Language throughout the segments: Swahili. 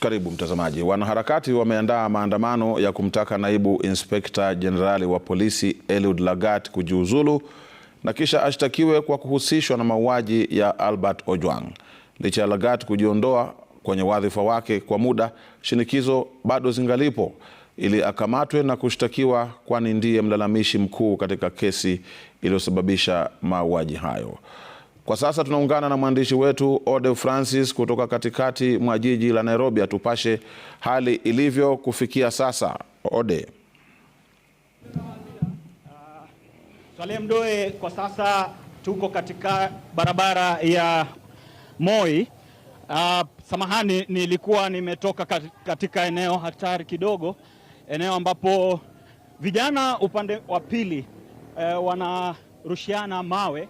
Karibu mtazamaji. Wanaharakati wameandaa maandamano ya kumtaka naibu inspekta jenerali wa polisi Eliud Lagat kujiuzulu na kisha ashtakiwe kwa kuhusishwa na mauaji ya Albert Ojwang. Licha ya Lagat kujiondoa kwenye wadhifa wake kwa muda, shinikizo bado zingalipo ili akamatwe na kushtakiwa, kwani ndiye mlalamishi mkuu katika kesi iliyosababisha mauaji hayo. Kwa sasa tunaungana na mwandishi wetu Ode Francis kutoka katikati mwa jiji la Nairobi, atupashe hali ilivyo kufikia sasa. Ode. Salem Mdoe, kwa sasa tuko katika barabara ya Moi. Uh, samahani, nilikuwa nimetoka katika eneo hatari kidogo, eneo ambapo vijana upande wa pili uh, eh, wanarushiana mawe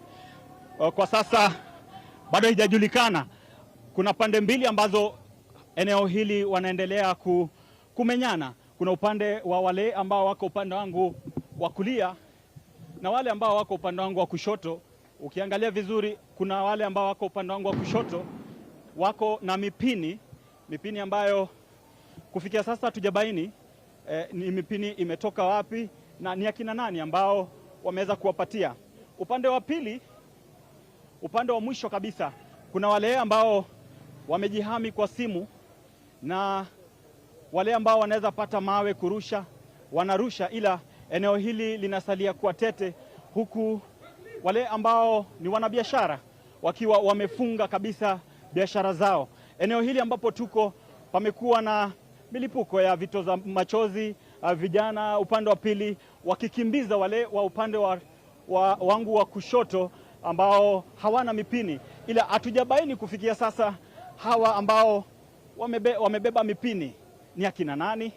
Eh, kwa sasa bado haijajulikana. Kuna pande mbili ambazo eneo hili wanaendelea ku, kumenyana. Kuna upande wa wale ambao wako upande wangu wa kulia na wale ambao wako upande wangu wa kushoto. Ukiangalia vizuri, kuna wale ambao wako upande wangu wa kushoto wako na mipini, mipini ambayo kufikia sasa hatujabaini eh, ni mipini imetoka wapi na ni akina nani ambao wameweza kuwapatia. Upande wa pili Upande wa mwisho kabisa kuna wale ambao wamejihami kwa simu na wale ambao wanaweza pata mawe kurusha wanarusha, ila eneo hili linasalia kuwa tete, huku wale ambao ni wanabiashara wakiwa wamefunga kabisa biashara zao. Eneo hili ambapo tuko pamekuwa na milipuko ya vitoza machozi, uh, vijana upande wa pili wakikimbiza wale wa upande wa, wa, wangu wa kushoto ambao hawana mipini, ila hatujabaini kufikia sasa hawa ambao wamebe, wamebeba mipini ni akina nani,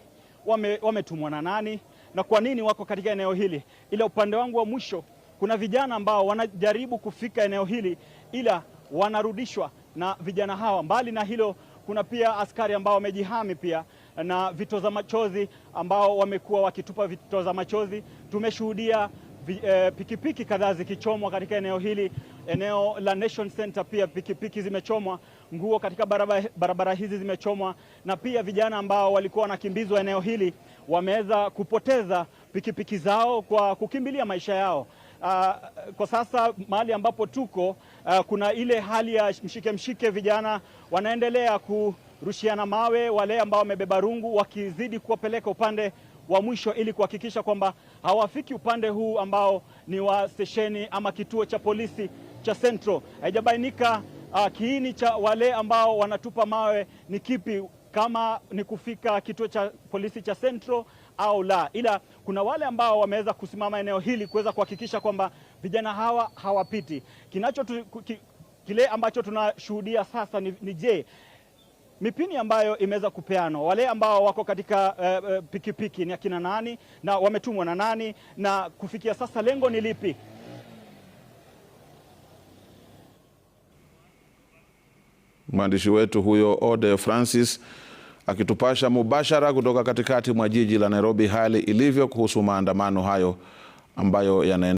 wametumwa na nani na kwa nini wako katika eneo hili. Ila upande wangu wa mwisho kuna vijana ambao wanajaribu kufika eneo hili, ila wanarudishwa na vijana hawa. Mbali na hilo, kuna pia askari ambao wamejihami pia na vitoza machozi ambao wamekuwa wakitupa vitoza machozi. Tumeshuhudia eh, pikipiki kadhaa zikichomwa katika eneo hili, eneo la Nation Center. Pia pikipiki zimechomwa, nguo katika barabara, barabara hizi zimechomwa, na pia vijana ambao walikuwa wanakimbizwa eneo hili wameweza kupoteza pikipiki zao kwa kukimbilia maisha yao. Uh, kwa sasa mahali ambapo tuko uh, kuna ile hali ya mshike mshike, vijana wanaendelea kurushiana mawe, wale ambao wamebeba rungu wakizidi kuwapeleka upande wa mwisho ili kuhakikisha kwamba hawafiki upande huu ambao ni wa stesheni ama kituo cha polisi cha Central. Haijabainika uh, kiini cha wale ambao wanatupa mawe ni kipi, kama ni kufika kituo cha polisi cha Central au la, ila kuna wale ambao wameweza kusimama eneo hili kuweza kuhakikisha kwamba vijana hawa hawapiti. Kinacho tu, ki, kile ambacho tunashuhudia sasa ni, ni je, mipini ambayo imeweza kupeanwa, wale ambao wako katika eh, eh, pikipiki uh, piki, ni akina nani na wametumwa na nani, na kufikia sasa lengo ni lipi? Mwandishi wetu huyo Ode Francis akitupasha mubashara kutoka katikati mwa jiji la Nairobi, hali ilivyo kuhusu maandamano hayo ambayo yana